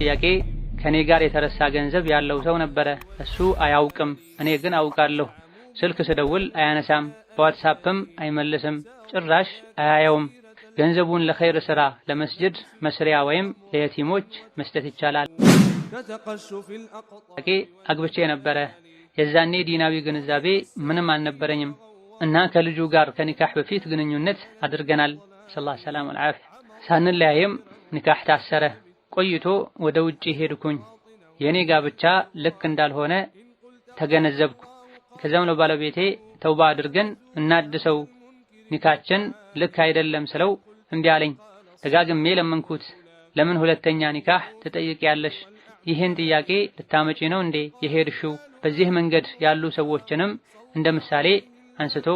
ጥያቄ ከኔ ጋር የተረሳ ገንዘብ ያለው ሰው ነበረ። እሱ አያውቅም፣ እኔ ግን አውቃለሁ። ስልክ ስደውል አያነሳም፣ በዋትሳፕም አይመልስም፣ ጭራሽ አያየውም። ገንዘቡን ለኸይር ስራ፣ ለመስጅድ መስሪያ ወይም ለየቲሞች መስጠት ይቻላል። ጥያቄ አግብቼ ነበረ። የዛኔ ዲናዊ ግንዛቤ ምንም አልነበረኝም እና ከልጁ ጋር ከኒካህ በፊት ግንኙነት አድርገናል። ሰለላሁ ሰላም ወሰለም ሳንለያየም ኒካህ ታሰረ። ቆይቶ ወደ ውጪ ሄድኩኝ። የኔ ጋብቻ ልክ እንዳልሆነ ተገነዘብኩ። ከዚያም ነው ባለቤቴ ተውባ አድርገን እናድሰው፣ ኒካችን ልክ አይደለም ስለው እምቢ አለኝ። ደጋግሜ ለመንኩት። ለምን ሁለተኛ ኒካህ ትጠይቂያለሽ? ይህን ጥያቄ ልታመጪ ነው እንዴ የሄድሽው? በዚህ መንገድ ያሉ ሰዎችንም እንደ ምሳሌ አንስቶ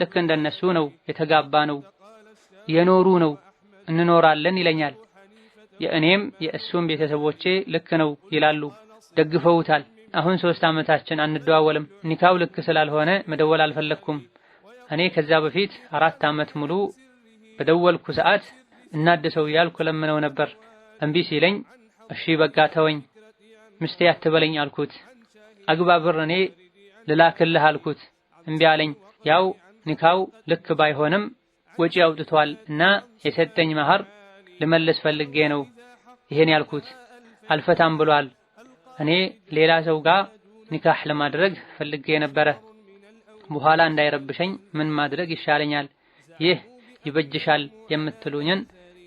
ልክ እንደነሱ ነው የተጋባ ነው የኖሩ ነው እንኖራለን ይለኛል። የእኔም የእሱም ቤተሰቦቼ ልክ ነው ይላሉ፣ ደግፈውታል። አሁን ሶስት አመታችን አንደዋወልም። ኒካው ልክ ስላልሆነ መደወል አልፈለግኩም። እኔ ከዛ በፊት አራት አመት ሙሉ በደወልኩ ሰዓት እናድሰው እያልኩ ለምነው ነበር። እምቢ ሲለኝ እሺ በቃ ተወኝ፣ ምስቴ አትበለኝ አልኩት። አግባ ብር እኔ ልላክልህ አልኩት። እምቢ አለኝ። ያው ኒካው ልክ ባይሆንም ወጪ አውጥቷል እና የሰጠኝ መሀር ልመለስ ፈልጌ ነው ይሄን ያልኩት። አልፈታም ብሏል። እኔ ሌላ ሰው ጋር ኒካህ ለማድረግ ፈልጌ ነበረ። በኋላ እንዳይረብሸኝ ምን ማድረግ ይሻለኛል? ይህ ይበጅሻል የምትሉኝን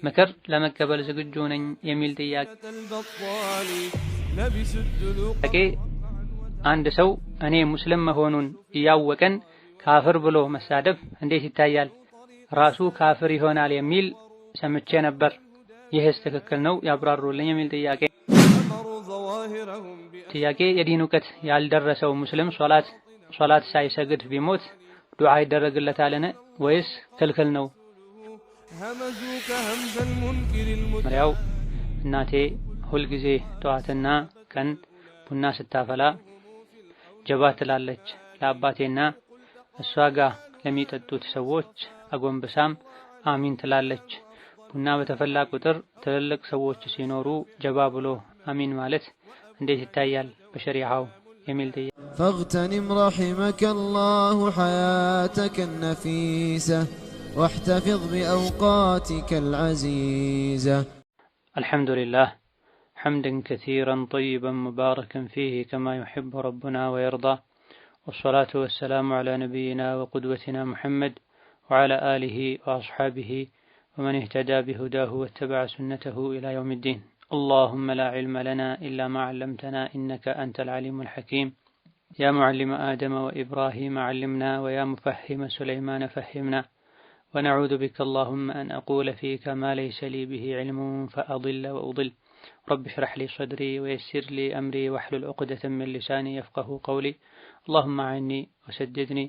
ምክር ለመቀበል ዝግጁ ነኝ የሚል ጥያቄ። አንድ ሰው እኔ ሙስሊም መሆኑን እያወቀን ካፍር ብሎ መሳደብ እንዴት ይታያል? ራሱ ካፍር ይሆናል የሚል ሰምቼ ነበር። ይህስ ትክክል ነው ያብራሩልኝ የሚል ጥያቄ ጥያቄ የዲን እውቀት ያልደረሰው ሙስሊም ሶላት ሶላት ሳይሰግድ ቢሞት ዱዓ ይደረግለታልን ወይስ ክልክል ነው? ያው እናቴ ሁልጊዜ ጠዋትና ቀን ቡና ስታፈላ ጀባ ትላለች። ለአባቴና እሷ ጋር ለሚጠጡት ሰዎች አጎንብሳም አሚን ትላለች። ቡና በተፈላ ቁጥር ትልልቅ ሰዎች ሲኖሩ ጀባ ብሎ አሚን ማለት እንዴት ይታያል በሸሪዓው የሚል ጥያቄ። فاغتنم رحمك الله حياتك النفيسة واحتفظ بأوقاتك العزيزة الحمد لله حمدا كثيرا طيبا مباركا فيه كما يحب ربنا ويرضى والصلاة والسلام على نبينا وقدوتنا محمد وعلى آله وأصحابه ومن اهتدى بهداه واتبع سنته إلى يوم الدين اللهم لا علم لنا إلا ما علمتنا إنك أنت العليم الحكيم يا معلم آدم وإبراهيم علمنا ويا مفهم سليمان فهمنا ونعوذ بك اللهم أن أقول فيك ما ليس لي به علم فأضل وأضل رب اشرح لي صدري ويسر لي أمري واحلل عقدة من لساني يفقه قولي اللهم عني وسددني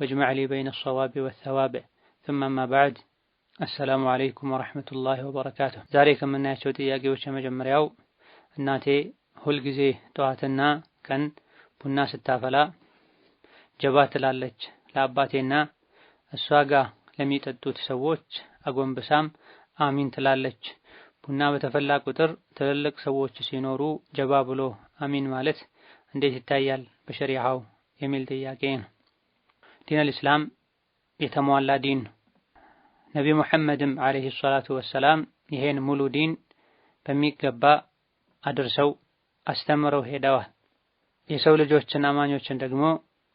واجمع لي بين الصواب والثواب ثم ما አሰላሙ ዓለይኩም ወረሕመቱላሂ ወበረካቱ። ዛሬ ከምናያቸው ጥያቄዎች የመጀመሪያው እናቴ ሁልጊዜ ጠዋትና ቀን ቡና ስታፈላ ጀባ ትላለች። ለአባቴና እሷ ጋር ለሚጠጡት ሰዎች አጎንብሳም አሚን ትላለች። ቡና በተፈላ ቁጥር ትልልቅ ሰዎች ሲኖሩ ጀባ ብሎ አሚን ማለት እንዴት ይታያል በሸሪዓው የሚል ጥያቄ ነው። ዲን አልእስላም የተሟላ ዲን ነው። ነቢዩ ሙሐመድም ዓለይሂ ሰላቱ ወሰላም ይሄን ሙሉ ዲን በሚገባ አድርሰው አስተምረው ሄደዋል። የሰው ልጆችን አማኞችን ደግሞ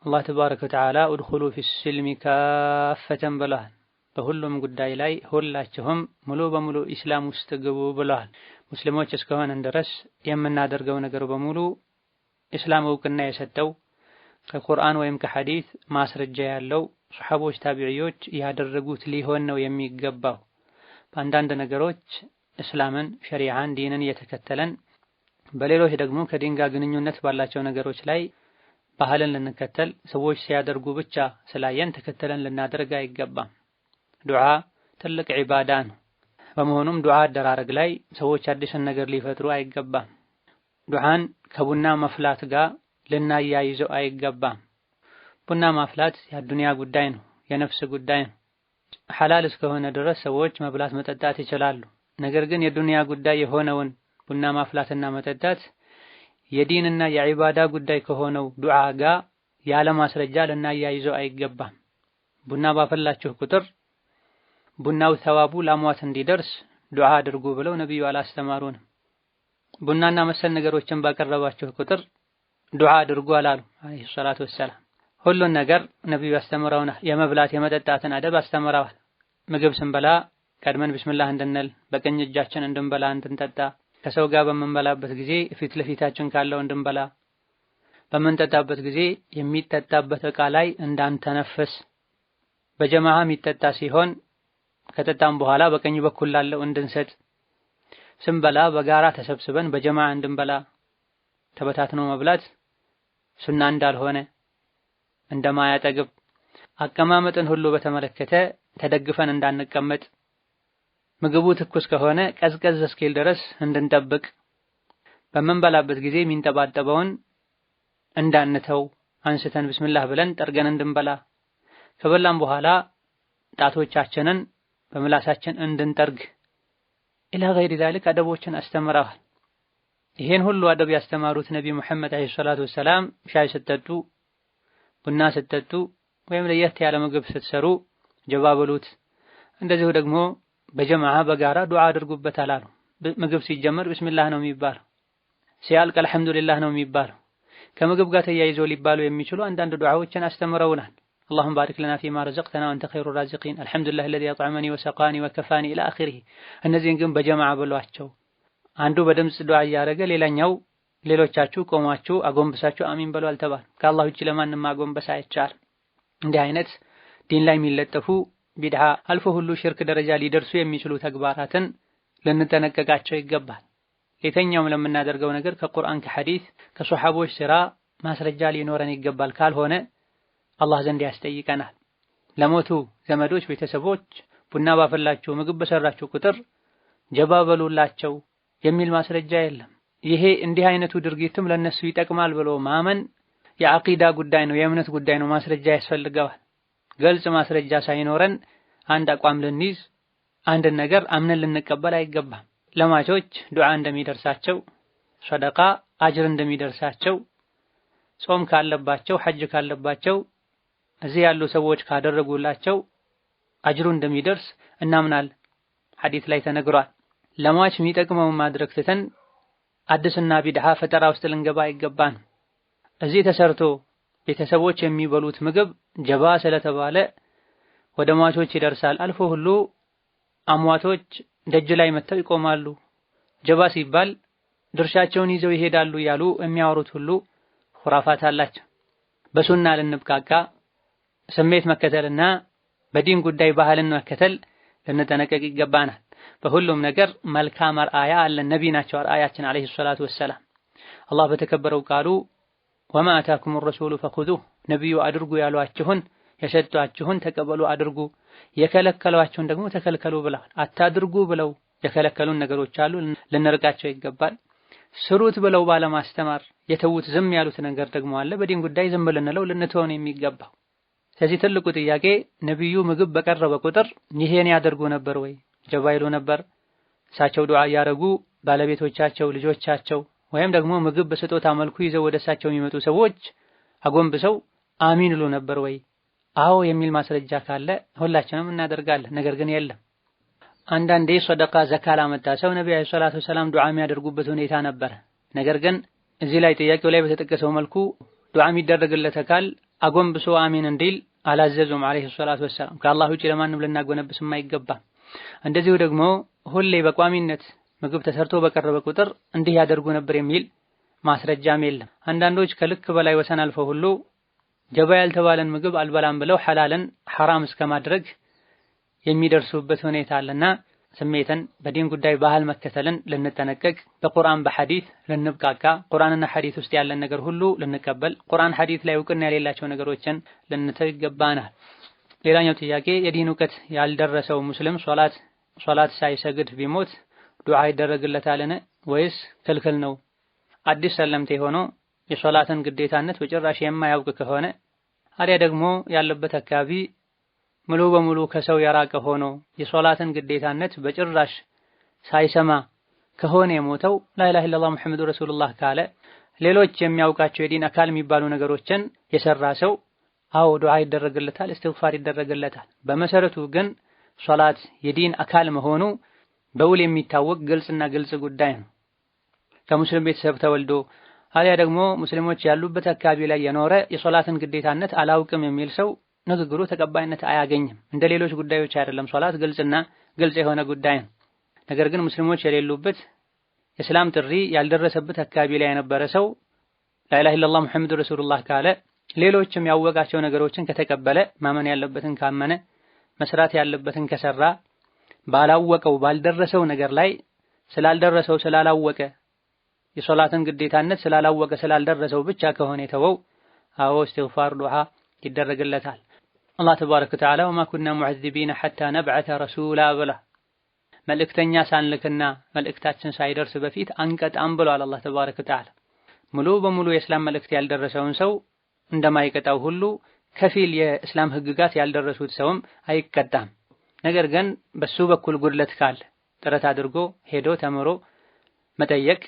አላህ ተባረከ ወተዓላ ኡድኹሉ ፊስልሚ ካፈተን ብለዋል። በሁሉም ጉዳይ ላይ ሁላችሁም ሙሉ በሙሉ ኢስላም ውስጥ ግቡ ብለዋል። ሙስሊሞች እስከሆነን ድረስ የምናደርገው ነገር በሙሉ ኢስላም እውቅና የሰጠው ከቁርአን ወይም ከሐዲስ ማስረጃ ያለው ሱሐቦች፣ ታቢዕዮች ያደረጉት ሊሆን ነው የሚገባው። በአንዳንድ ነገሮች እስላምን፣ ሸሪዓን፣ ዲንን እየተከተለን በሌሎች ደግሞ ከዲን ጋር ግንኙነት ባላቸው ነገሮች ላይ ባህልን ልንከተል ሰዎች ሲያደርጉ ብቻ ስላየን ተከተለን ልናደርግ አይገባም። ዱዓ ትልቅ ዒባዳ ነው። በመሆኑም ዱዓ አደራረግ ላይ ሰዎች አዲስን ነገር ሊፈጥሩ አይገባም። ዱዓን ከቡና መፍላት ጋር ልናያይዘው አይገባም። ቡና ማፍላት የአዱንያ ጉዳይ ነው፣ የነፍስ ጉዳይ ነው። ሐላል እስከሆነ ድረስ ሰዎች መብላት መጠጣት ይችላሉ። ነገር ግን የዱንያ ጉዳይ የሆነውን ቡና ማፍላትና መጠጣት የዲንና የዒባዳ ጉዳይ ከሆነው ዱዓ ጋር ያለ ማስረጃ ልናያይዘው አይገባም። ቡና ባፈላችሁ ቁጥር ቡናው ተዋቡ ላሟት እንዲደርስ ዱዓ አድርጉ ብለው ነቢዩ አላስተማሩንም። ቡናና መሰል ነገሮችን ባቀረባችሁ ቁጥር ዱዓ አድርጓል አሉ አለይሂ ሰላቱ ወሰላም። ሁሉን ነገር ነቢዩ አስተምረውናል። የመብላት የመጠጣትን አደብ አስተምረዋል። ምግብ ስንበላ ቀድመን ቢስሚላህ እንድንል፣ በቀኝ እጃችን እንድንበላ እንድንጠጣ፣ ከሰው ጋር በምንበላበት ጊዜ ፊት ለፊታችን ካለው እንድንበላ፣ በምንጠጣበት ጊዜ የሚጠጣበት እቃ ላይ እንዳንተነፍስ፣ በጀማዓ የሚጠጣ ሲሆን ከጠጣም በኋላ በቀኝ በኩል ላለው እንድንሰጥ፣ ስንበላ በጋራ ተሰብስበን በጀማዓ እንድንበላ ተበታትኖ መብላት ሱና እንዳልሆነ እንደማያጠግብ አቀማመጥን ሁሉ በተመለከተ ተደግፈን እንዳንቀመጥ ምግቡ ትኩስ ከሆነ ቀዝቀዝ እስኪል ድረስ እንድንጠብቅ በምንበላበት ጊዜ የሚንጠባጠበውን እንዳንተው አንስተን ብስምላህ ብለን ጠርገን እንድንበላ ከበላም በኋላ ጣቶቻችንን በምላሳችን እንድንጠርግ ኢላ ገይሪ ዛሊክ አደቦችን አስተምረዋል። ይሄን ሁሉ አደብ ያስተማሩት ነቢ ሙሐመድ አለይሂ ሰላቱ ወሰላም ሻይ ስትጠጡ፣ ቡና ስትጠጡ ወይም ለየት ያለ ምግብ ስትሰሩ ጀባ በሉት፣ እንደዚሁ ደግሞ በጀማዓ በጋራ ዱዓ አድርጉበት አላሉ። ምግብ ሲጀመር ቢስሚላህ ነው የሚባለው፣ ሲያልቅ አልሐምዱሊላህ ነው የሚባለው። ከምግብ ጋር ተያይዞ ሊባሉ የሚችሉ አንዳንድ ዱዓዎችን አስተምረውናል። اللهم بارك لنا فيما رزقتنا وأنت خير الرازقين الحمد لله الذي أطعمني وسقاني وكفاني إلى آخره እነዚህን ግን በጀማዓ በሏቸው። አንዱ በድምፅ ዱዓ እያደረገ ሌላኛው ሌሎቻችሁ ቆማችሁ አጎንብሳችሁ አሚን በሉ አልተባል። ከአላህ ውጭ ለማንም ማጎንበስ አይቻል። እንዲህ አይነት ዲን ላይ የሚለጠፉ ቢድሃ አልፎ ሁሉ ሽርክ ደረጃ ሊደርሱ የሚችሉ ተግባራትን ልንጠነቀቃቸው ይገባል። የተኛውም ለምናደርገው ነገር ከቁርአን ከሐዲስ፣ ከሶሐቦች ስራ ማስረጃ ሊኖረን ይገባል። ካልሆነ አላህ ዘንድ ያስጠይቀናል። ለሞቱ ዘመዶች ቤተሰቦች ቡና ባፈላችሁ ምግብ በሰራችሁ ቁጥር ጀባ በሉላቸው የሚል ማስረጃ የለም። ይሄ እንዲህ አይነቱ ድርጊትም ለነሱ ይጠቅማል ብሎ ማመን የአቂዳ ጉዳይ ነው፣ የእምነት ጉዳይ ነው። ማስረጃ ያስፈልገዋል። ገልጽ ማስረጃ ሳይኖረን አንድ አቋም ልንይዝ አንድን ነገር አምነን ልንቀበል አይገባም። ለማቾች ዱዓ እንደሚደርሳቸው፣ ሰደቃ አጅር እንደሚደርሳቸው፣ ጾም ካለባቸው፣ ሐጅ ካለባቸው እዚህ ያሉ ሰዎች ካደረጉላቸው አጅሩ እንደሚደርስ እናምናለን። ሐዲት ላይ ተነግሯል። ለሟች የሚጠቅመውን ማድረግ ትተን አዲስና ቢድሃ ፈጠራ ውስጥ ልንገባ አይገባን። እዚህ ተሰርቶ ቤተሰቦች የሚበሉት ምግብ ጀባ ስለተባለ ወደ ሟቾች ይደርሳል። አልፎ ሁሉ አሟቶች ደጅ ላይ መጥተው ይቆማሉ። ጀባ ሲባል ድርሻቸውን ይዘው ይሄዳሉ ያሉ የሚያወሩት ሁሉ ሁራፋት አላቸው። በሱና ልንብቃቃ፣ ስሜት መከተልና በዲን ጉዳይ ባህልን መከተል ልንጠነቀቅ ይገባናል። በሁሉም ነገር መልካም አርአያ አለን። ነቢ ናቸው አርአያችን አለይሂ ሰላቱ ወሰላም። አላህ በተከበረው ቃሉ ወማ አታኩም ረሱሉ ፈኹዙህ፣ ነቢዩ አድርጉ ያሏችሁን የሰጧችሁን ተቀበሉ አድርጉ፣ የከለከሏችሁን ደግሞ ተከልከሉ ብለዋል። አታድርጉ ብለው የከለከሉን ነገሮች አሉ፣ ልንርቃቸው ይገባል። ስሩት ብለው ባለማስተማር የተዉት ዝም ያሉት ነገር ደግሞ አለ። በዲን ጉዳይ ዝም ልንለው ልንትሆን የሚገባው። ስለዚህ ትልቁ ጥያቄ ነቢዩ ምግብ በቀረበ ቁጥር ይሄን ያደርጉ ነበር ወይ ጀባ ይሉ ነበር። እሳቸው ዱዓ እያደረጉ ባለቤቶቻቸው፣ ልጆቻቸው ወይም ደግሞ ምግብ በስጦታ መልኩ ይዘው ወደ እሳቸው የሚመጡ ሰዎች አጎንብሰው አሚን ይሉ ነበር ወይ? አዎ የሚል ማስረጃ ካለ ሁላችንም እናደርጋለን። ነገር ግን የለም። አንዳንዴ ሰደቃ ዘካ ላመጣ ሰው ነቢ ዓለይሂ ሰላቱ ወሰላም ዱዓ የሚያደርጉበት ሁኔታ ነበር። ነገር ግን እዚህ ላይ ጥያቄው ላይ በተጠቀሰው መልኩ ዱዓ የሚደረግለት አካል አጎንብሶ አሚን እንዲል አላዘዙም ዓለይሂ ሰላቱ ወሰላም። ከአላህ ውጪ ለማንም ልናጎነብስ የማይገባ እንደዚሁ ደግሞ ሁሌ በቋሚነት ምግብ ተሰርቶ በቀረበ ቁጥር እንዲህ ያደርጉ ነበር የሚል ማስረጃም የለም። አንዳንዶች ከልክ በላይ ወሰን አልፈው ሁሉ ጀባ ያልተባለን ምግብ አልበላም ብለው ሐላልን ሐራም እስከማድረግ የሚደርሱበት ሁኔታ አለና ስሜትን በዲን ጉዳይ ባህል መከተልን ልንጠነቀቅ በቁርአን በሐዲስ ልንብቃቃ ቁርአንና ሐዲስ ውስጥ ያለን ነገር ሁሉ ልንቀበል ቁርአን ሐዲስ ላይ እውቅና የሌላቸው ነገሮችን ልንተው ይገባናል። ሌላኛው ጥያቄ የዲን እውቀት ያልደረሰው ሙስሊም ሶላት ሶላት ሳይሰግድ ቢሞት ዱዓ ይደረግለታልን ወይስ ክልክል ነው? አዲስ ሰለምቴ ሆኖ የሶላትን ግዴታነት በጭራሽ የማያውቅ ከሆነ አሊያ ደግሞ ያለበት አካባቢ ሙሉ በሙሉ ከሰው የራቀ ሆኖ የሶላትን ግዴታነት በጭራሽ ሳይሰማ ከሆነ የሞተው ላኢላሃ ኢለላህ ሙሐመዱ ረሱሉላህ ካለ ሌሎች የሚያውቃቸው የዲን አካል የሚባሉ ነገሮችን የሰራ ሰው አዎ ዱዓ ይደረግለታል፣ እስትግፋር ይደረግለታል። በመሰረቱ ግን ሶላት የዲን አካል መሆኑ በውል የሚታወቅ ግልጽና ግልጽ ጉዳይ ነው። ከሙስሊም ቤተሰብ ተወልዶ አሊያ ደግሞ ሙስሊሞች ያሉበት አካባቢ ላይ የኖረ የሶላትን ግዴታነት አላውቅም የሚል ሰው ንግግሩ ተቀባይነት አያገኝም። እንደ ሌሎች ጉዳዮች አይደለም። ሶላት ግልጽና ግልጽ የሆነ ጉዳይ ነው። ነገር ግን ሙስሊሞች የሌሉበት የእስላም ጥሪ ያልደረሰበት አካባቢ ላይ የነበረ ሰው ላኢላሃ ኢለላህ ሙሐመዱ ረሱሉላህ ካለ ሌሎችም ያወቃቸው ነገሮችን ከተቀበለ ማመን ያለበትን ካመነ መስራት ያለበትን ከሰራ ባላወቀው ባልደረሰው ነገር ላይ ስላልደረሰው ስላላወቀ የሶላትን ግዴታነት ስላላወቀ ስላልደረሰው ብቻ ከሆነ የተወው አዎ እስትግፋር ዱዓ ይደረግለታል። አላህ ተባረከ ወተዓላ ወማ ኩና ሙዐዚቢነ ሐታ ነብዐተ ረሱላ ብላ መልእክተኛ ሳንልክና መልእክታችን ሳይደርስ በፊት አንቀጣም ብሏል። አላህ ተባረከ ወተዓላ ሙሉ በሙሉ የእስላም መልእክት ያልደረሰውን ሰው እንደማይቀጣው ሁሉ ከፊል የእስላም ህግጋት ያልደረሱት ሰውም አይቀጣም። ነገር ግን በሱ በኩል ጉድለት ካለ ጥረት አድርጎ ሄዶ ተምሮ መጠየቅ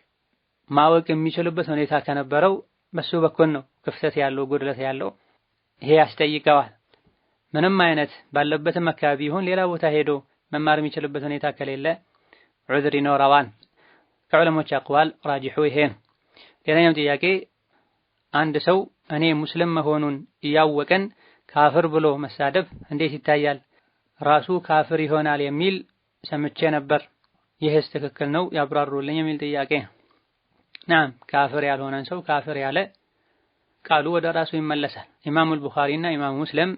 ማወቅ የሚችልበት ሁኔታ ከነበረው በሱ በኩል ነው ክፍተት ያለው ጉድለት ያለው። ይሄ ያስጠይቀዋል። ምንም አይነት ባለበትም አካባቢ ይሁን ሌላ ቦታ ሄዶ መማር የሚችልበት ሁኔታ ከሌለ ዑዝር ይኖረዋል። ከዑለሞች አቅዋል ራጅሑ ይሄ ነው። ሌላኛው ጥያቄ አንድ ሰው እኔ ሙስልም መሆኑን እያወቀን ካፍር ብሎ መሳደብ እንዴት ይታያል? ራሱ ካፍር ይሆናል የሚል ሰምቼ ነበር። ይህስ ትክክል ነው ያብራሩልኝ የሚል ጥያቄ ናም ካፍር ያልሆነን ሰው ካፍር ያለ ቃሉ ወደ ራሱ ይመለሳል። ኢማሙ አልቡኻሪና ኢማሙ ሙስልም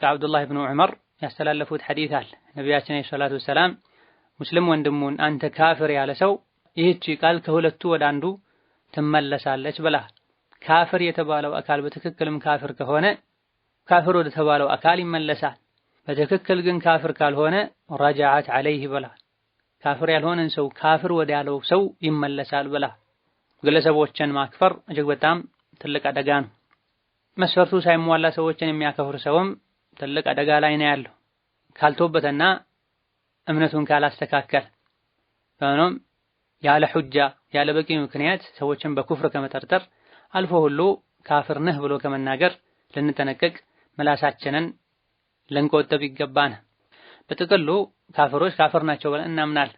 ከአብዱላህ ብኑ ዑመር ያስተላለፉት ሐዲት አለ። ነቢያችን አለይሂ ሰላቱ ወሰላም ሙስልም ወንድሙን አንተ ካፍር ያለ ሰው ይህቺ ቃል ከሁለቱ ወደ አንዱ ትመለሳለች ብለሃል። ካፍር የተባለው አካል በትክክልም ካፍር ከሆነ ካፍር ወደ ተባለው አካል ይመለሳል። በትክክል ግን ካፍር ካልሆነ ረጃዓት ዓለይህ ብላ ካፍር ያልሆነን ሰው ካፍር ወደ ያለው ሰው ይመለሳል ብላ። ግለሰቦችን ማክፈር እጅግ በጣም ትልቅ አደጋ ነው። መስፈርቱ ሳይሟላ ሰዎችን የሚያከፍር ሰውም ትልቅ አደጋ ላይ ነው ያለው ካልቶበትና እምነቱን ካላስተካከል። ሆኖም ያለ ሑጃ ያለ በቂ ምክንያት ሰዎችን በኩፍር ከመጠርጠር አልፎ ሁሉ ካፍር ነህ ብሎ ከመናገር ልንጠነቀቅ ምላሳችንን ልንቆጠብ ይገባን። በጥቅሉ ካፍሮች ካፍር ናቸው ብለን እናምናል።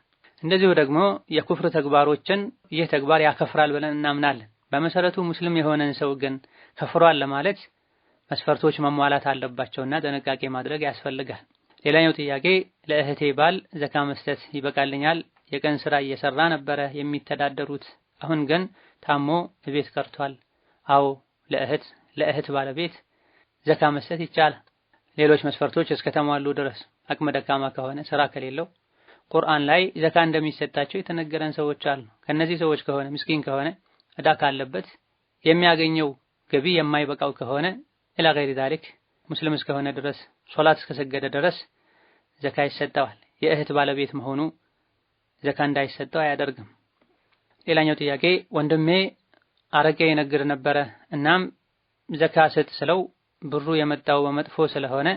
እንደዚሁ ደግሞ የኩፍር ተግባሮችን ይህ ተግባር ያከፍራል ብለን እናምናል። በመሰረቱ ሙስሊም የሆነን ሰው ግን ከፍሯል ለማለት መስፈርቶች መሟላት አለባቸውና ጥንቃቄ ማድረግ ያስፈልጋል። ሌላኛው ጥያቄ ለእህቴ ባል ዘካ መስጠት ይበቃልኛል? የቀን ስራ እየሰራ ነበረ የሚተዳደሩት፣ አሁን ግን ታሞ ቤት ቀርቷል። አው ለእህት ለእህት ባለቤት ዘካ መስጠት ይቻላል። ሌሎች መስፈርቶች እስከተሟሉ ድረስ አቅመ ደካማ ከሆነ ስራ ከሌለው ቁርአን ላይ ዘካ እንደሚሰጣቸው የተነገረን ሰዎች አሉ። ከነዚህ ሰዎች ከሆነ ምስኪን ከሆነ እዳ ካለበት የሚያገኘው ገቢ የማይበቃው ከሆነ ኢላ ገይሪ ዛሊክ ሙስሊም እስከሆነ ድረስ ሶላት እስከሰገደ ድረስ ዘካ ይሰጠዋል። የእህት ባለቤት መሆኑ ዘካ እንዳይሰጠው አያደርግም። ሌላኛው ጥያቄ ወንድሜ አረቄ ይነግድ ነበረ። እናም ዘካ ስጥ ስለው ብሩ የመጣው በመጥፎ ስለሆነ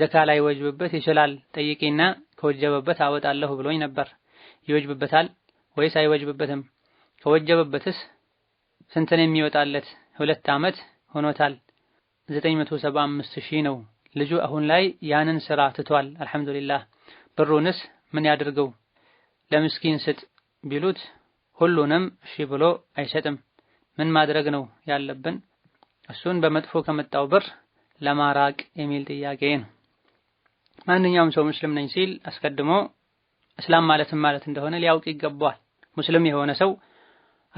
ዘካ ላይ ወጅብበት ይችላል ጠይቄና ከወጀበበት አወጣለሁ ብሎኝ ነበር። ይወጅብበታል ወይስ አይወጅብበትም? ከወጀበበትስ ስንትን የሚወጣለት? ሁለት ዓመት ሆኖታል። 975 ሺህ ነው። ልጁ አሁን ላይ ያንን ስራ ትቷል። አልሐምዱሊላህ። ብሩንስ ምን ያድርገው? ለምስኪን ስጥ ቢሉት ሁሉንም እሺ ብሎ አይሰጥም። ምን ማድረግ ነው ያለብን? እሱን በመጥፎ ከመጣው ብር ለማራቅ የሚል ጥያቄ ነው። ማንኛውም ሰው ሙስሊም ነኝ ሲል አስቀድሞ እስላም ማለትም ማለት እንደሆነ ሊያውቅ ይገባዋል። ሙስሊም የሆነ ሰው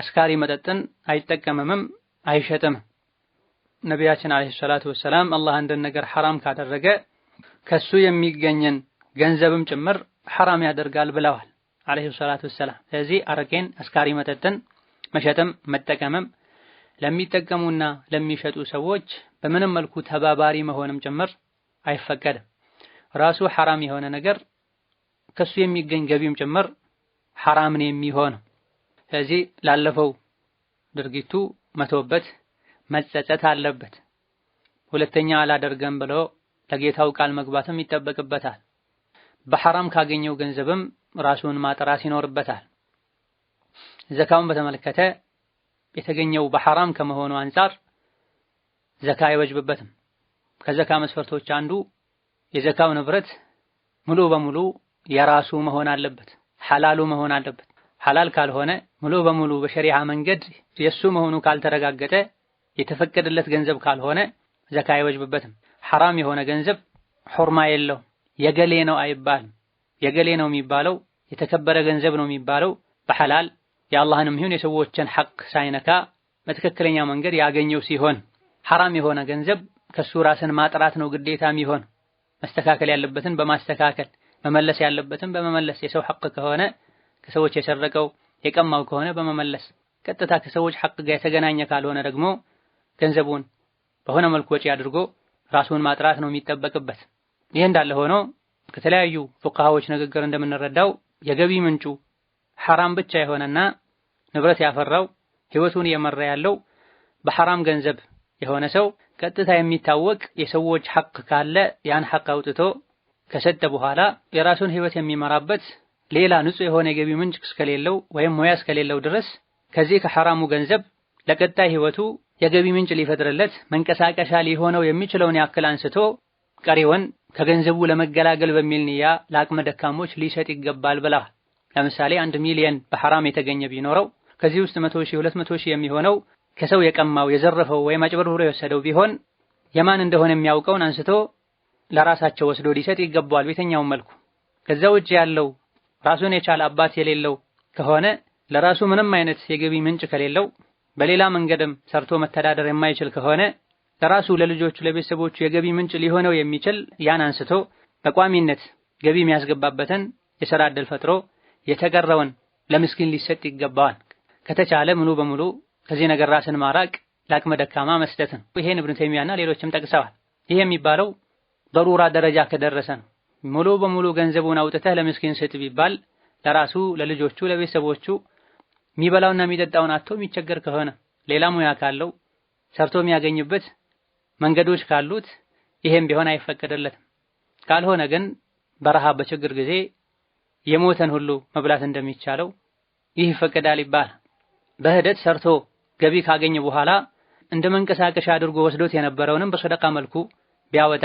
አስካሪ መጠጥን አይጠቀምምም፣ አይሸጥም። ነቢያችን አለይሂ ሰላቱ ወሰላም አላህ አንድን ነገር ሐራም ካደረገ ከሱ የሚገኝን ገንዘብም ጭምር ሐራም ያደርጋል ብለዋል አለይሂ ሰላቱ ወሰላም። ስለዚህ አረቄን፣ አስካሪ መጠጥን መሸጥም መጠቀምም ለሚጠቀሙና ለሚሸጡ ሰዎች በምንም መልኩ ተባባሪ መሆንም ጭምር አይፈቀድም። ራሱ ሐራም የሆነ ነገር ከሱ የሚገኝ ገቢም ጭምር ሐራም ነው የሚሆነው። ስለዚህ ላለፈው ድርጊቱ መቶበት መጸጸት አለበት። ሁለተኛ አላደርገም ብሎ ለጌታው ቃል መግባትም ይጠበቅበታል። በሐራም ካገኘው ገንዘብም ራሱን ማጥራት ይኖርበታል። ዘካውን በተመለከተ የተገኘው በሐራም ከመሆኑ አንጻር ዘካ አይወጅብበትም። ከዘካ መስፈርቶች አንዱ የዘካው ንብረት ሙሉ በሙሉ የራሱ መሆን አለበት፣ ሐላሉ መሆን አለበት። ሐላል ካልሆነ ሙሉ በሙሉ በሸሪዓ መንገድ የሱ መሆኑ ካልተረጋገጠ የተፈቀደለት ገንዘብ ካልሆነ ዘካ አይወጅብበትም። ሐራም የሆነ ገንዘብ ሑርማ የለው የገሌ ነው አይባልም። የገሌ ነው የሚባለው የተከበረ ገንዘብ ነው የሚባለው በሐላል የአላህንም ይሁን የሰዎችን ሐቅ ሳይነካ በትክክለኛ መንገድ ያገኘው ሲሆን ሐራም የሆነ ገንዘብ ከሱ ራስን ማጥራት ነው ግዴታ ይሆን መስተካከል ያለበትን በማስተካከል መመለስ ያለበትን በመመለስ የሰው ሐቅ ከሆነ ከሰዎች የሰረቀው የቀማው ከሆነ በመመለስ ቀጥታ ከሰዎች ሐቅ ጋር የተገናኘ ካልሆነ ደግሞ ገንዘቡን በሆነ መልኩ ወጪ አድርጎ ራሱን ማጥራት ነው የሚጠበቅበት። ይህ እንዳለ ሆኖ ከተለያዩ ፉቃሃዎች ንግግር እንደምንረዳው የገቢ ምንጩ ሐራም ብቻ የሆነና ንብረት ያፈራው ህይወቱን እየመራ ያለው በሐራም ገንዘብ የሆነ ሰው ቀጥታ የሚታወቅ የሰዎች ሐቅ ካለ ያን ሐቅ አውጥቶ ከሰጠ በኋላ የራሱን ህይወት የሚመራበት ሌላ ንጹህ የሆነ የገቢ ምንጭ እስከሌለው ወይም ሙያ እስከሌለው ድረስ ከዚህ ከሐራሙ ገንዘብ ለቀጣይ ህይወቱ የገቢ ምንጭ ሊፈጥርለት መንቀሳቀሻ ሊሆነው የሚችለውን ያክል አንስቶ ቀሪውን ከገንዘቡ ለመገላገል በሚል ንያ ለአቅመ ደካሞች ሊሰጥ ይገባል ብላ። ለምሳሌ አንድ ሚሊየን በሐራም የተገኘ ቢኖረው ከዚህ ውስጥ መቶ ሺህ ሁለት መቶ ሺህ የሚሆነው ከሰው የቀማው የዘረፈው ወይም አጭበርብሮ የወሰደው ቢሆን የማን እንደሆነ የሚያውቀውን አንስቶ ለራሳቸው ወስዶ ሊሰጥ ይገባዋል በየትኛውም መልኩ። ከዛ ውጭ ያለው ራሱን የቻለ አባት የሌለው ከሆነ ለራሱ ምንም አይነት የገቢ ምንጭ ከሌለው በሌላ መንገድም ሰርቶ መተዳደር የማይችል ከሆነ ለራሱ ለልጆቹ፣ ለቤተሰቦቹ የገቢ ምንጭ ሊሆነው የሚችል ያን አንስቶ በቋሚነት ገቢ የሚያስገባበትን የሥራ ዕድል ፈጥሮ የተቀረውን ለምስኪን ሊሰጥ ይገባዋል። ከተቻለ ምኑ በሙሉ ከዚህ ነገር ራስን ማራቅ ለአቅመ ደካማ መስጠት ነው። ይሄን ኢብኑ ተይሚያና ሌሎችም ጠቅሰዋል። ይህ የሚባለው በሩራ ደረጃ ከደረሰ ነው። ሙሉ በሙሉ ገንዘቡን አውጥተህ ለምስኪን ስጥ ቢባል ለራሱ ለልጆቹ፣ ለቤተሰቦቹ የሚበላውና የሚጠጣውን አቶ የሚቸገር ከሆነ ሌላ ሙያ ካለው ሰርቶ የሚያገኝበት መንገዶች ካሉት ይሄም ቢሆን አይፈቀደለትም። ካልሆነ ግን በረሃ በችግር ጊዜ የሞተን ሁሉ መብላት እንደሚቻለው ይህ ይፈቀዳል ይባላል። በህደት ሰርቶ ገቢ ካገኘ በኋላ እንደ መንቀሳቀሻ አድርጎ ወስዶት የነበረውንም በሰደቃ መልኩ ቢያወጣ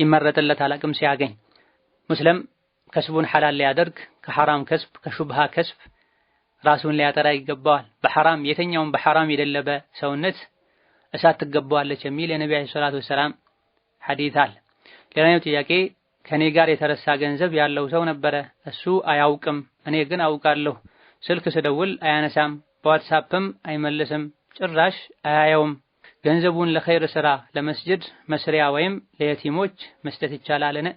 ይመረጥለታል አቅም ሲያገኝ። ሙስሊም ከስቡን ሐላል ሊያደርግ ከሐራም ከስብ ከሹብሃ ከስብ ራሱን ሊያጠራ ይገባዋል። በሐራም የተኛውን በሐራም የደለበ ሰውነት እሳት ትገባዋለች የሚል የነቢ ዓለይሂ ሰላቱ ወሰላም ሐዲት አለ። ሌላኛው ጥያቄ ከኔ ጋር የተረሳ ገንዘብ ያለው ሰው ነበረ። እሱ አያውቅም፣ እኔ ግን አውቃለሁ። ስልክ ስደውል አያነሳም በዋትሳፕም አይመልስም፣ ጭራሽ አያየውም። ገንዘቡን ለኸይር ስራ ለመስጅድ መስሪያ ወይም ለየቲሞች መስጠት ይቻላልን?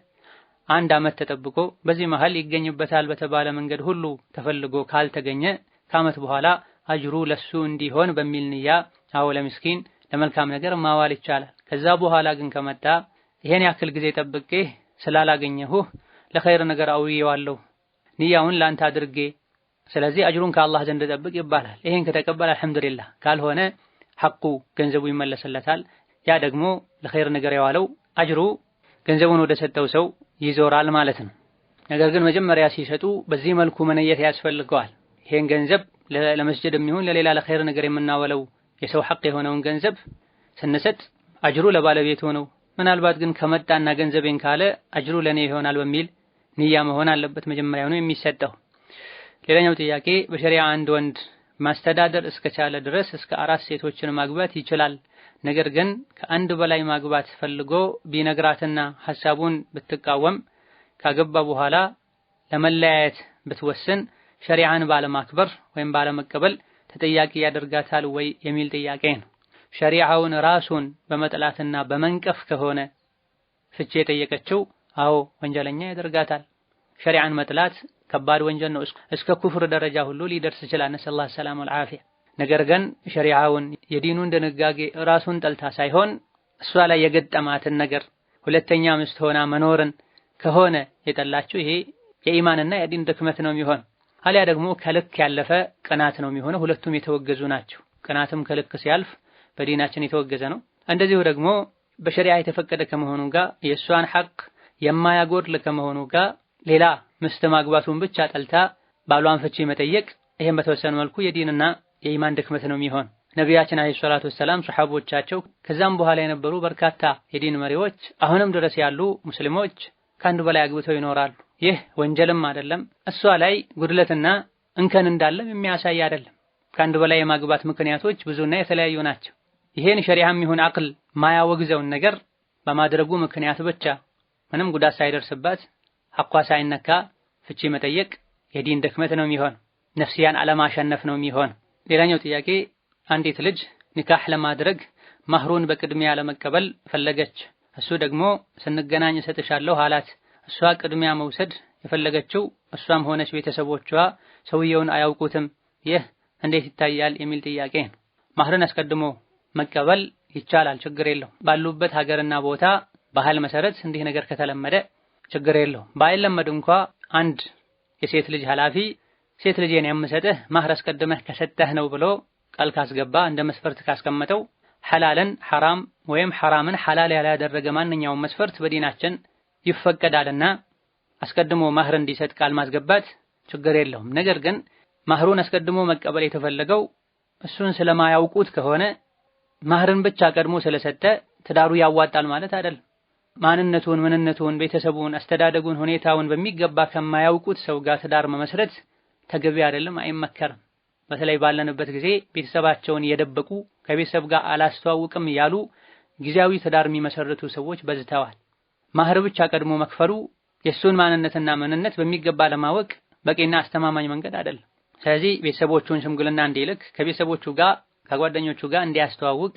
አንድ አመት ተጠብቆ በዚህ መሀል ይገኝበታል በተባለ መንገድ ሁሉ ተፈልጎ ካልተገኘ ከአመት በኋላ አጅሩ ለሱ እንዲሆን በሚል ንያ አዎ ለምስኪን ለመልካም ነገር ማዋል ይቻላል። ከዛ በኋላ ግን ከመጣ ይሄን ያክል ጊዜ ጠብቄ ስላላገኘሁ ለኸይር ነገር አውዬዋለሁ፣ ንያውን ለአንተ አድርጌ ስለዚህ አጅሩን ከአላህ ዘንድ ጠብቅ ይባላል። ይሄን ከተቀበለ አልሐምዱሊላህ፣ ካልሆነ ሐቁ ገንዘቡ ይመለስለታል። ያ ደግሞ ለኸይር ነገር የዋለው አጅሩ ገንዘቡን ወደ ሰጠው ሰው ይዞራል ማለት ነው። ነገር ግን መጀመሪያ ሲሰጡ በዚህ መልኩ መነየት ያስፈልገዋል። ይሄን ገንዘብ ለመስጀድ የሚሆን ለሌላ ለኸይር ነገር የምናወለው የሰው ሐቅ የሆነውን ገንዘብ ስንሰጥ አጅሩ ለባለቤቱ ነው። ምናልባት ግን ከመጣና ገንዘቤን ካለ አጅሩ ለኔ ይሆናል በሚል ንያ መሆን አለበት መጀመሪያውኑ የሚሰጠው ሌላኛው ጥያቄ በሸሪያ አንድ ወንድ ማስተዳደር እስከቻለ ድረስ እስከ አራት ሴቶችን ማግባት ይችላል። ነገር ግን ከአንድ በላይ ማግባት ፈልጎ ቢነግራትና ሐሳቡን ብትቃወም ካገባ በኋላ ለመለያየት ብትወስን ሸሪዓን ባለማክበር ወይም ባለመቀበል ተጠያቂ ያደርጋታል ወይ የሚል ጥያቄ ነው። ሸሪዓውን ራሱን በመጥላትና በመንቀፍ ከሆነ ፍቺ የጠየቀችው አዎ ወንጀለኛ ያደርጋታል። ሸሪዓን መጥላት ከባድ ወንጀል ነው። እስከ ኩፍር ደረጃ ሁሉ ሊደርስ ይችላል። ነሰላህ ሰላም ወልዓፊያ። ነገር ግን ሸሪዓውን የዲኑን ድንጋጌ ራሱን ጠልታ ሳይሆን እሷ ላይ የገጠማትን ነገር ሁለተኛ ሚስት ሆና መኖርን ከሆነ የጠላችው ይሄ የኢማንና የዲን ድክመት ነው የሚሆን። አሊያ ደግሞ ከልክ ያለፈ ቅናት ነው የሚሆነው። ሁለቱም የተወገዙ ናቸው። ቅናትም ከልክ ሲያልፍ በዲናችን የተወገዘ ነው። እንደዚሁ ደግሞ በሸሪዓ የተፈቀደ ከመሆኑ ጋር የእሷን ሐቅ የማያጎድል ከመሆኑ ጋር ሌላ ምስት ማግባቱን ብቻ ጠልታ ባሏን ፍቺ መጠየቅ ይህም በተወሰነ መልኩ የዲንና የኢማን ድክመት ነው የሚሆን። ነቢያችን አለይሂ ሰላቱ ወሰላም ሰሐቦቻቸው፣ ከዛም በኋላ የነበሩ በርካታ የዲን መሪዎች፣ አሁንም ድረስ ያሉ ሙስሊሞች ከአንዱ በላይ አግብተው ይኖራሉ። ይህ ወንጀልም አይደለም፣ እሷ ላይ ጉድለትና እንከን እንዳለም የሚያሳይ አይደለም። ከአንዱ በላይ የማግባት ምክንያቶች ብዙና የተለያዩ ናቸው። ይሄን ሸሪዓም ይሁን አቅል ማያወግዘውን ነገር በማድረጉ ምክንያት ብቻ ምንም ጉዳት ሳይደርስባት ሐቋ ሳይነካ ፍቺ መጠየቅ የዲን ድክመት ነው የሚሆን ነፍስያን አለማሸነፍ ነው የሚሆን። ሌላኛው ጥያቄ አንዲት ልጅ ኒካህ ለማድረግ ማህሩን በቅድሚያ ለመቀበል ፈለገች። እሱ ደግሞ ስንገናኝ እሰጥሻለሁ አላት። እሷ ቅድሚያ መውሰድ የፈለገችው እሷም ሆነች ቤተሰቦቿ ሰውየውን አያውቁትም። ይህ እንዴት ይታያል የሚል ጥያቄ ነው። ማህርን አስቀድሞ መቀበል ይቻላል፣ ችግር የለው። ባሉበት ሀገርና ቦታ ባህል መሰረት እንዲህ ነገር ከተለመደ ችግር የለውም። ባይለመድ እንኳ አንድ የሴት ልጅ ኃላፊ ሴት ልጄን የምሰጥህ ማህር አስቀድመህ ከሰጠህ ነው ብሎ ቃል ካስገባ እንደ መስፈርት ካስቀመጠው ሐላልን ሐራም ወይም ሐራምን ሐላል ያላደረገ ማንኛውም መስፈርት በዲናችን ይፈቀዳልና አስቀድሞ ማህር እንዲሰጥ ቃል ማስገባት ችግር የለውም። ነገር ግን ማህሩን አስቀድሞ መቀበል የተፈለገው እሱን ስለማያውቁት ከሆነ ማህርን ብቻ ቀድሞ ስለሰጠ ትዳሩ ያዋጣል ማለት አይደለም። ማንነቱን፣ ምንነቱን፣ ቤተሰቡን፣ አስተዳደጉን፣ ሁኔታውን በሚገባ ከማያውቁት ሰው ጋር ትዳር መመስረት ተገቢ አይደለም፣ አይመከርም። በተለይ ባለንበት ጊዜ ቤተሰባቸውን እየደበቁ ከቤተሰብ ጋር አላስተዋውቅም ያሉ ጊዜያዊ ትዳር የሚመሰርቱ ሰዎች በዝተዋል። ማህር ብቻ ቀድሞ መክፈሉ የእሱን ማንነትና ምንነት በሚገባ ለማወቅ በቂና አስተማማኝ መንገድ አይደለም። ስለዚህ ቤተሰቦቹን ሽምግልና እንዲልክ ከቤተሰቦቹ ጋር ከጓደኞቹ ጋር እንዲያስተዋውቅ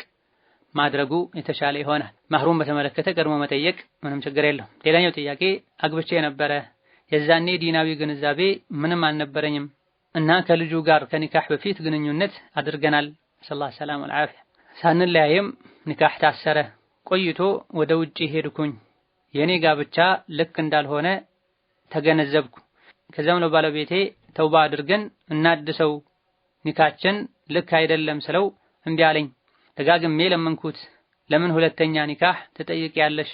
ማድረጉ የተሻለ ይሆናል። መህሩን በተመለከተ ቀድሞ መጠየቅ ምንም ችግር የለውም። ሌላኛው ጥያቄ አግብቼ ነበረ፣ የዛኔ ዲናዊ ግንዛቤ ምንም አልነበረኝም እና ከልጁ ጋር ከኒካህ በፊት ግንኙነት አድርገናል ሰላ ሰላም ወልዓፊያ ሳንለያየም ኒካህ ታሰረ። ቆይቶ ወደ ውጪ ሄድኩኝ። የእኔ ጋብቻ ልክ እንዳልሆነ ተገነዘብኩ። ከዚያም ለባለቤቴ ተውባ አድርገን እናድሰው ኒካችን ልክ አይደለም ስለው እምቢ አለኝ። ደጋግሜ ለመንኩት፣ ለምን ሁለተኛ ኒካህ ትጠይቂያለሽ?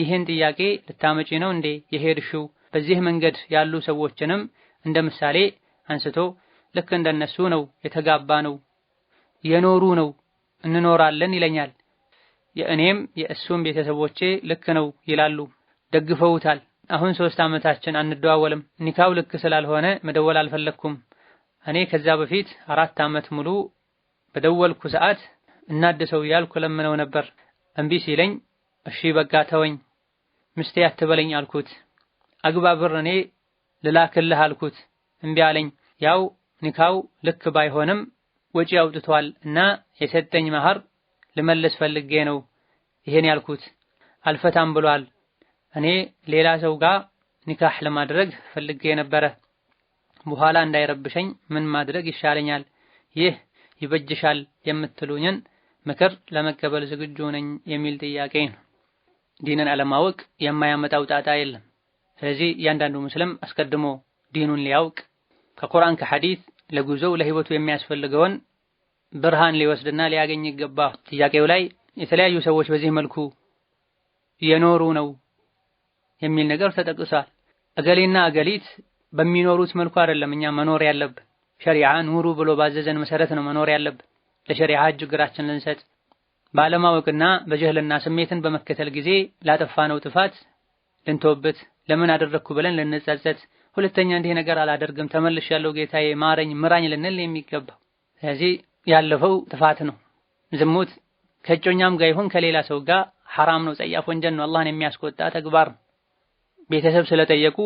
ይህን ጥያቄ ልታመጪ ነው እንዴ የሄድሽው? በዚህ መንገድ ያሉ ሰዎችንም እንደ ምሳሌ አንስቶ ልክ እንደነሱ ነው የተጋባ ነው የኖሩ ነው እንኖራለን ይለኛል። የእኔም የእሱም ቤተሰቦቼ ልክ ነው ይላሉ፣ ደግፈውታል። አሁን ሶስት ዓመታችን አንደዋወልም። ኒካው ልክ ስላልሆነ መደወል አልፈለግኩም። እኔ ከዛ በፊት አራት ዓመት ሙሉ በደወልኩ ሰዓት እናድሰው እያልኩ ለምነው ነበር። እምቢ ሲለኝ እሺ በቃ ተወኝ፣ ምስቴ አትበለኝ አልኩት። አግባ ብር እኔ ልላክልህ አልኩት። እምቢ አለኝ። ያው ኒካው ልክ ባይሆንም ወጪ አውጥቷል እና የሰጠኝ መሀር ልመልስ ፈልጌ ነው ይሄን ያልኩት። አልፈታም ብሏል። እኔ ሌላ ሰው ጋር ኒካህ ለማድረግ ፈልጌ ነበረ። በኋላ እንዳይረብሸኝ ምን ማድረግ ይሻለኛል? ይህ ይበጅሻል የምትሉኝን ምክር ለመቀበል ዝግጁ ነኝ የሚል ጥያቄ ነው። ዲንን አለማወቅ የማያመጣው ጣጣ የለም። ስለዚህ እያንዳንዱ ሙስልም አስቀድሞ ዲኑን ሊያውቅ ከቁርአን ከሐዲስ ለጉዞው ለህይወቱ የሚያስፈልገውን ብርሃን ሊወስድና ሊያገኝ ይገባ። ጥያቄው ላይ የተለያዩ ሰዎች በዚህ መልኩ የኖሩ ነው የሚል ነገር ተጠቅሷል። እገሌና እገሊት በሚኖሩት መልኩ አይደለም እኛ መኖር ያለብን። ሸሪዓ ኑሩ ብሎ ባዘዘን መሰረት ነው መኖር ያለብን። ለሸሪዓ እጅ እግራችን ልንሰጥ ባለማወቅና በጀህልና ስሜትን በመከተል ጊዜ ላጠፋነው ጥፋት ልንተውበት፣ ለምን አደረግኩ ብለን ልንጸጸት፣ ሁለተኛ እንዲህ ነገር አላደርግም ተመልሽ ያለው ጌታዬ ማረኝ ምራኝ ልንል የሚገባ ስለዚህ ያለፈው ጥፋት ነው። ዝሙት ከእጮኛም ጋር ይሁን ከሌላ ሰው ጋር ሐራም ነው፣ ጸያፍ ወንጀል ነው፣ አላህን የሚያስቆጣ ተግባር ቤተሰብ ስለጠየቁ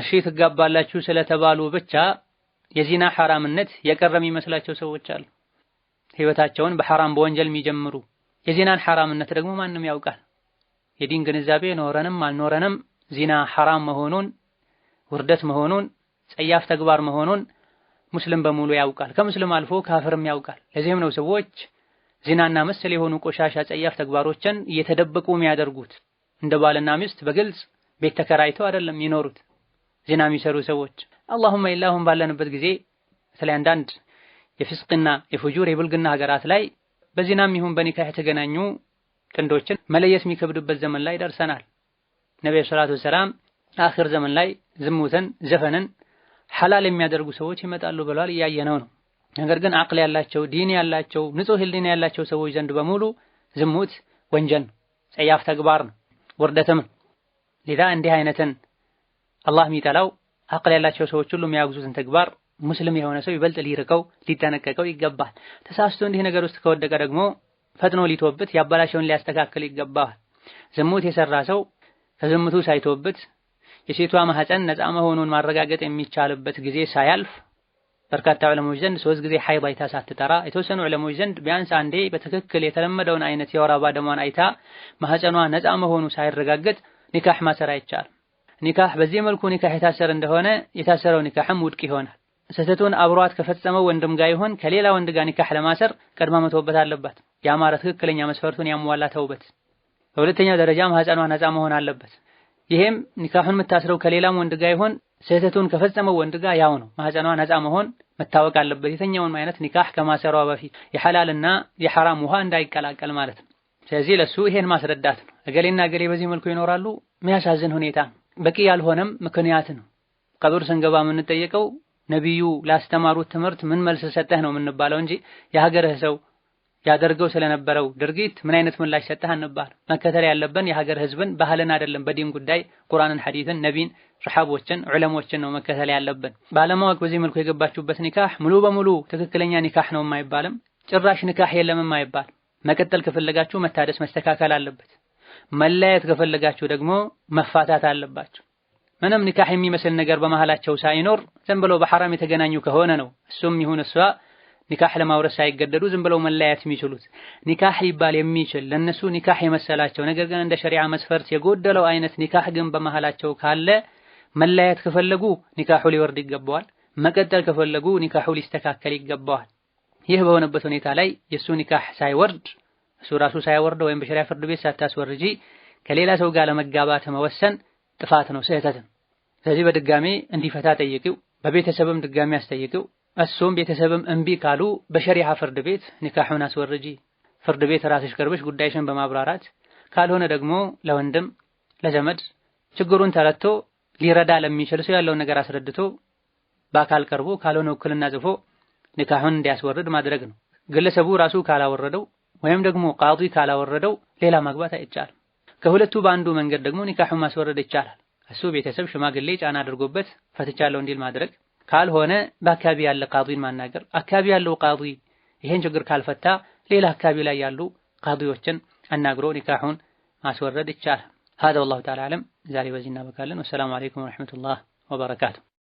እሺ ትጋባላችሁ ስለተባሉ ብቻ የዚና ሐራምነት የቀረ የሚመስላቸው ሰዎች አሉ። ህይወታቸውን በሐራም በወንጀል የሚጀምሩ የዚናን ሐራምነት ደግሞ ማንም ያውቃል። የዲን ግንዛቤ ኖረንም አልኖረንም ዚና ሐራም መሆኑን፣ ውርደት መሆኑን፣ ጸያፍ ተግባር መሆኑን ሙስልም በሙሉ ያውቃል። ከሙስልም አልፎ ካፍርም ያውቃል። ለዚህም ነው ሰዎች ዚናና መሰል የሆኑ ቆሻሻ ጸያፍ ተግባሮችን እየተደበቁ የሚያደርጉት። እንደ ባልና ሚስት በግልጽ ቤት ተከራይተው አይደለም ይኖሩት ዚና የሚሰሩ ሰዎች። አላሁማ ኢላሁም ባለንበት ጊዜ በተለይ አንዳንድ የፍስቅና የፉጁር የብልግና ሀገራት ላይ በዚናም ይሁን በኒካህ የተገናኙ ጥንዶችን መለየት የሚከብድበት ዘመን ላይ ደርሰናል። ነብዩ ሰላቱ ሰላም አኺር ዘመን ላይ ዝሙትን፣ ዘፈንን ሐላል የሚያደርጉ ሰዎች ይመጣሉ ብለዋል። እያየነው ነው። ነገር ግን አቅል ያላቸው ዲን ያላቸው ንጹህ ህሊና ያላቸው ሰዎች ዘንድ በሙሉ ዝሙት ወንጀል ነው፣ ጸያፍ ተግባር ነው፣ ውርደትም ሌላ እንዲህ አይነትን አላህ የሚጠላው አቅል ያላቸው ሰዎች ሁሉ የሚያግዙትን ተግባር ሙስሊም የሆነ ሰው ይበልጥ ሊርቀው ሊጠነቀቀው ይገባል። ተሳስቶ እንዲህ ነገር ውስጥ ከወደቀ ደግሞ ፈጥኖ ሊቶብት ያበላሸውን ሊያስተካክል ይገባል። ዝሙት የሰራ ሰው ከዝሙቱ ሳይቶብት የሴቷ ማህፀን ነፃ መሆኑን ማረጋገጥ የሚቻልበት ጊዜ ሳያልፍ በርካታ ዑለሞች ዘንድ ሶስት ጊዜ ሐይድ አይታ ሳትጠራ የተወሰኑ ዑለሞች ዘንድ ቢያንስ አንዴ በትክክል የተለመደውን አይነት የወር አበባ ደሟን አይታ ማህፀኗ ነፃ መሆኑ ሳይረጋገጥ ኒካህ ማሰር አይቻልም። ኒካህ በዚህ መልኩ ኒካህ የታሰረ እንደሆነ የታሰረው ኒካህም ውድቅ ይሆናል። ስህተቱን አብሯት ከፈጸመው ወንድም ጋር ይሆን ከሌላ ወንድ ጋር ኒካህ ለማሰር ቀድማ መተውበት አለባት። ያማረ ትክክለኛ መስፈርቱን ያሟላ ተውበት። በሁለተኛ ደረጃ ማህፀኗ ነፃ መሆን አለበት። ይሄም ኒካሁን የምታስረው ከሌላም ወንድ ጋር ይሆን ስህተቱን ከፈጸመው ወንድ ጋር ያው ነው። ማህፀኗ ነፃ መሆን መታወቅ አለበት። የተኛውን አይነት ኒካህ ከማሰሯ በፊት የሐላልና የሐራም ውሃ እንዳይቀላቀል ማለት ነው። ስለዚህ ለሱ ይሄን ማስረዳት ነው። እገሌና እገሌ በዚህ መልኩ ይኖራሉ። የሚያሳዝን ሁኔታ በቂ ያልሆነም ምክንያት ነው። ቀብር ስንገባ የምንጠየቀው ነቢዩ ላስተማሩት ትምህርት ምን መልስ ሰጠህ ነው የምንባለው እንጂ የሀገርህ ሰው ያደርገው ስለነበረው ድርጊት ምን አይነት ምላሽ ሰጠህ አንባል። መከተል ያለብን የሀገር ህዝብን ባህልን አይደለም። በዲን ጉዳይ ቁርአንን፣ ሐዲትን፣ ነቢን፣ ሰሐቦችን፣ ዑለሞችን ነው መከተል ያለብን። ባለማወቅ በዚህ መልኩ የገባችሁበት ኒካህ ሙሉ በሙሉ ትክክለኛ ኒካህ ነው የማይባልም፣ ጭራሽ ኒካህ የለም የማይባል። መቀጠል ከፈለጋችሁ መታደስ መስተካከል አለበት። መለያየት ከፈለጋችሁ ደግሞ መፋታት አለባችሁ። ምንም ኒካህ የሚመስል ነገር በመሃላቸው ሳይኖር ዝም ብለው በሐራም የተገናኙ ከሆነ ነው እሱም ይሁን እሷ ኒካህ ለማውረስ ሳይገደዱ ዝም ብለው መለያየት የሚችሉት። ኒካህ ሊባል የሚችል ለነሱ ኒካህ የመሰላቸው ነገር ግን እንደ ሸሪዓ መስፈርት የጎደለው አይነት ኒካህ ግን በመሃላቸው ካለ መለያየት ከፈለጉ ኒካሑ ሊወርድ ይገባዋል። መቀጠል ከፈለጉ ኒካሑ ሊስተካከል ይገባዋል። ይህ በሆነበት ሁኔታ ላይ የእሱ ኒካህ ሳይወርድ እሱ ራሱ ሳይወርድ ወይም በሸሪያ ፍርድ ቤት ሳታስወርጂ ከሌላ ሰው ጋር ለመጋባት መወሰን ጥፋት ነው፣ ስህተት ነው። ስለዚህ በድጋሜ እንዲፈታ ጠይቂው፣ በቤተሰብም ድጋሜ አስጠይቂው። እሱም ቤተሰብም እምቢ ካሉ በሸሪዓ ፍርድ ቤት ኒካሑን አስወርጂ። ፍርድ ቤት ራስሽ ቀርበሽ ጉዳይሽን በማብራራት ካልሆነ ደግሞ ለወንድም ለዘመድ ችግሩን ተረድቶ ሊረዳ ለሚችል ሰው ያለውን ነገር አስረድቶ በአካል ቀርቦ ካልሆነ ውክልና ጽፎ ኒካሑን እንዲያስወርድ ማድረግ ነው። ግለሰቡ ራሱ ካላወረደው ወይም ደግሞ ቃዲ ካላወረደው ሌላ ማግባት አይቻልም። ከሁለቱ በአንዱ መንገድ ደግሞ ኒካሑን ማስወረድ ይቻላል። እሱ ቤተሰብ ሽማግሌ ጫና አድርጎበት ፈትቻለሁ እንዲል ማድረግ፣ ካልሆነ በአካባቢ ያለ ቃዲን ማናገር። አካባቢ ያለው ቃዲ ይሄን ችግር ካልፈታ ሌላ አካባቢ ላይ ያሉ ቃዲዎችን አናግሮ ኒካሑን ማስወረድ ይቻላል። ሀዛ ወላሁ ተዓላ አለም። ዛሬ በዚህ እናበቃለን። ወሰላሙ አለይኩም ወረሕመቱላህ ወበረካቱ።